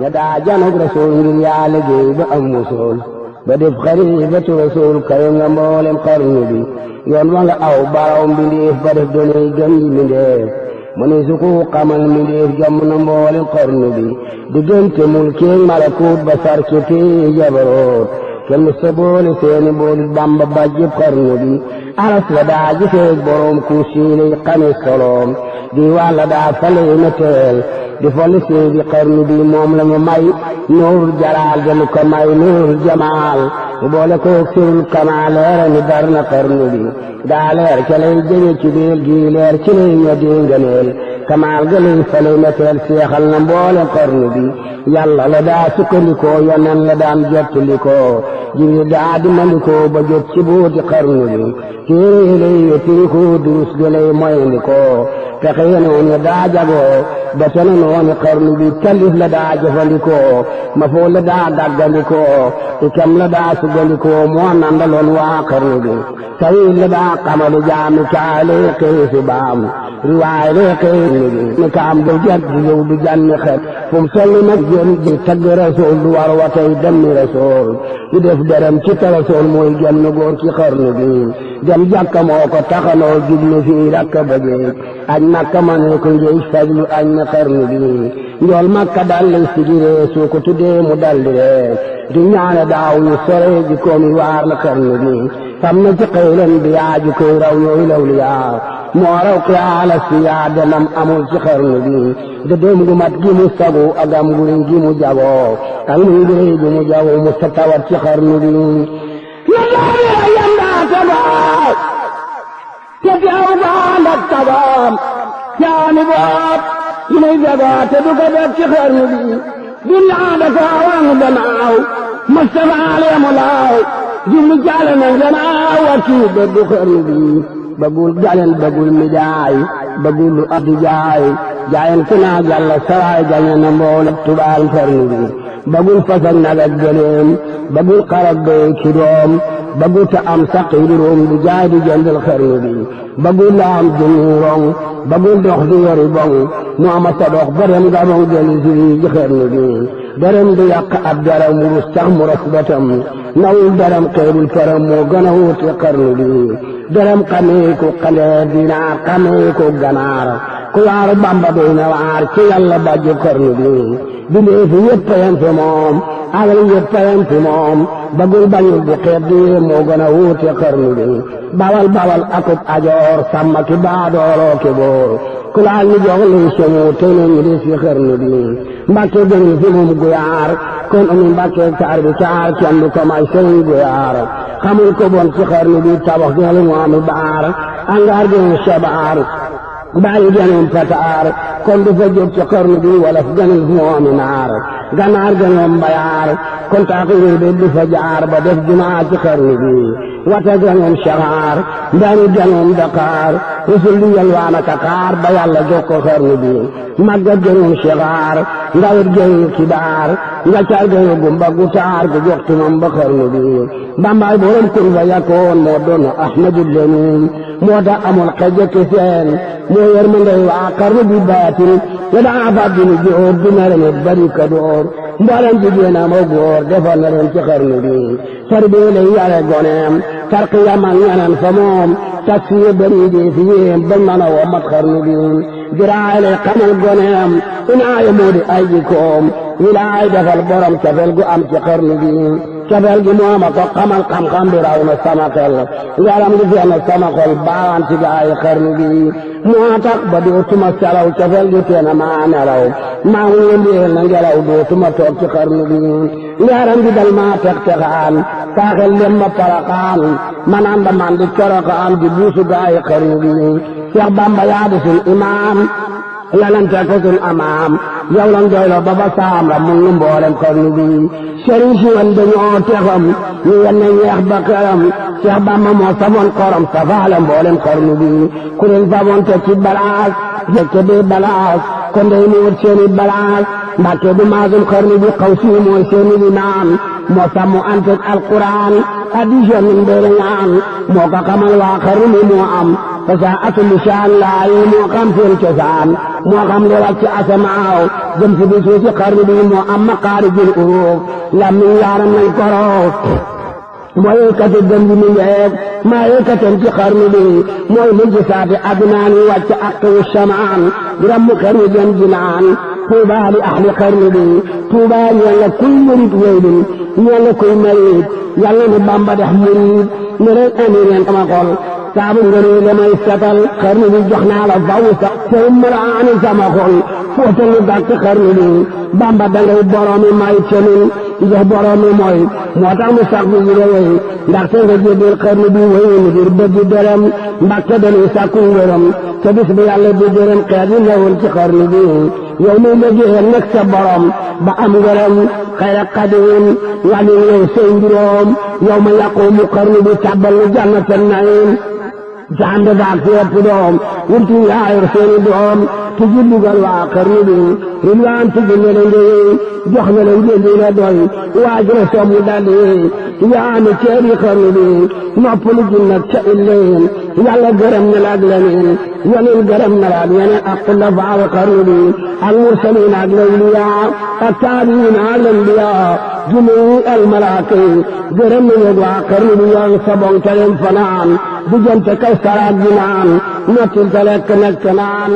ña daa janug rasul ngir yaa liggéey ba am musul ba def xaribatu rasul kawe nga mboolem xarnu bi yoon wa nga aw baraw mbindeef ba def doonay gëm yi mbindeef mu ne su ko xamal mbindeef jàmm na mboolem xarnu bi diggante mulkeeg malakuut ba sar ci fii jabaroot kenn sa boole seeni booli bamba bàjjib xarnu bi aras la daa gisee boroom ku siilay xame soloom di wàlla daa fale na teel di folis ni di xarnu bi moom la ñu may nuur jalaal dañu may nuur jamaal bu boole ko firul kamaa leera ni dar na xarnu bi daa leer ca lay jëme ci biir gii leer ci lay ño di kamaal ga lay falay meteel seexal na mboole xarnu bi yàlla la daa sukkandikoo yonen la daan jottalikoo jibril daa di mandikoo ba jot ci buuti xarnu bi téere lay yettirikoo durus ga lay moyndikoo pexe yéen a woon daa jagoo ba sonn bi talif la daa jëfandikoo ma foo la daa daggandikoo ikam la daa sugandikoo moo nandaloon waa xarnu bi tawil la daa xamalu jaami caalee xëy si baamu riwaay lee xëy ni kaam du jag di yow du janni xet fu mu toll nag jën di tagg rasool du war wa tey demmi rasool di def derem ci tarasool mooy genn góor ci xarnu bi dem jàkka moo ko taxanoo jublu fii rakk añ makka ma ne koy jëy fajlu añ na xarnu bi njool makka dal lay sigiree soo ko tuddee mu dal di ree di ñaane daaw waar na xarnu bi fam na ci xëylan bi yaa ji koy li yaa moo ki aala si yaa danam amul ci xarnu bi da doom gu mat gi mu sagu ak am gi mu jagoo ak muy gu gi mu jagoo mu sa tawat ci xarnu bi kattabam jaami boot yi muy jagaa te du ko def ci bi dunyaa da ko wanu gannaaw Mustafa leemu laaw julli jàlle na gannaaw wàccu bëggu xarnu bi bëggul galen bëggul mi jaay bëggul lu addi jaay ku naa gàlla sawaay gañe na mboolem tubaal xarnu bi bëggul fas ak nag ak gëleem bëggul xar doom bëggut a am saqil room di jaay di jëndal xarit bi bëggul la am junni rong bëggul dox di yori bong mooma ta dox dërëm nga bong jëli si di xarit bi dërëm di yàq ab daram wurus sax mu raf batam nawul dërëm xeebul faram moo gën a wuti xarit bi dërëm xamee ko xandeer dinaar xamee ko ganaar ku waaru bamba doy na waar ci yàlla bàjju xarit bi bi léegi yëpp yem fi moom alal yëpp yam fi moom bëggul bañul di xeet di moo gën a wuute xarnu bi bawal bawal akub ajoor sàmm ki baadooloo ki boor ku laal ni jox luy sumu te nañu di si xarnu bi mbàkke gënul fi moom guyaar kon umi mbàkke taar bi caar kenn du ko may sëriñ guyaar xamul ko bon si xarnu bi tabax gënal mu am baar angaar gënul sebaar بعد جنون فتار كنت فجر تقرن بي ولا نار جنار جنون بيار كنت عقير بيد فجار بدف جماعة تقرن wata ganoon saxaar daanu ganoon daqaar usul di yalwaan ak xaar ba yàlla jox ko xarnu bi magga ganoon saxaar ndawit ganoon kibaar nga caar ganoon gumba gu taar gu jox timam ba xarnu bi bambaay borom kun fa yakkoon moo doon ahmadu lamin moo tax amul xeje ki seen moo yer ma ndey waa xarnu baatin ya daa fab dini jóor dina rene bari a defal na leen ci xarnu bi تربيلي على الظلام ترقي من أنا الصمام تسوي بريدي فيهم ومدخر نبيهم جراء لي قم الظلام إن يمود أيكم إلى عيد فالبرم كفلق أمس قرنين كفلق موما قم القم قم براون السمقل ولم يزين السمقل باوان تجاي قرنين ما تقبضوا تمثلوا كفلق تينا ما نلو ما هو يمديه ننجلوا دوتما توقت نبيهم يا رنجد الماء تقتغان taaxel leen ma paraxaan man anda man di coroxaan di buusu gaay xarit yi Cheikh sun imaam yalante ko sun amaam yow lan doylo ba saam la mun nu mboolem xarnu bi sëriñ texam ñu wenne ñeex ba xeram Cheikh Bamba moo safoon xorom safaale mboolem xarnu bi ku leen safoon te ci balaas fekk bi balaas kon day mu wut balaas mbàkke du maasum xarni bi xaw si mooy seeni li naan moo sàmm anteeg alquran addition min doole ñaan moo ko xamal waa xarni moo am fasaa atul saan laay moo xam seen cosaan moo xam li wàcc asamaaw jëm si bi suusi xarni bi moo am maqaarijul uruuf lammiñ yaaram nañ koroof moo yëkkati dem bi mu ngeeg maa yëkkatam ci xarnu bi mooy lim ci saati adnaan wàcc ak wu samaan gram mu dem ji tuuba li ahli qarni tuuba ñeel na kuy murit wéylin ñeel na kuy mayit yàlla na bamba def murit ne leen amin yeen sama xol saabu ngëri la may setal xarnu bi jox naa la faw sax tey maraani sama xol fóotal lu dàq xarnu bi bamba dangay boroomi may cëlin jox boroomi mooy moo tax mu sax bu jide woy ndax te nga jébbal xarnu bi woy ngir bëgg dërëm mbàkke dañuy sàkku ngërëm te bis bu yàlla di dërëm xeet yi newoon ci xarnu bi يوم مجهر نكسب برام بأمغرم خير قديم يعني ويسين جروم يوم يقوم قرن بسعب جنة النعيم te ànd baag fépp doom wurtu yaayu seeni doom te ji dugal waa xarnu bi rilwaan tijji nga leen di jox nga leen di dina doy waa ji la soobu daldi yaani ceeri xarnu bi noppalu ji nag ca illeen yàlla gërëm na la ak leneen yeneen gërëm na la ak yeneen ak la faaw xarnu bi ak mursaliin ak lawliyaa ak taabiin ak lambiyaa junni almalaaka yi gërëm nañu waa xarnu bi ñoo ngi sabon te leen fanaan diggante kaw saraat bi naan nottil te lekk nekk naan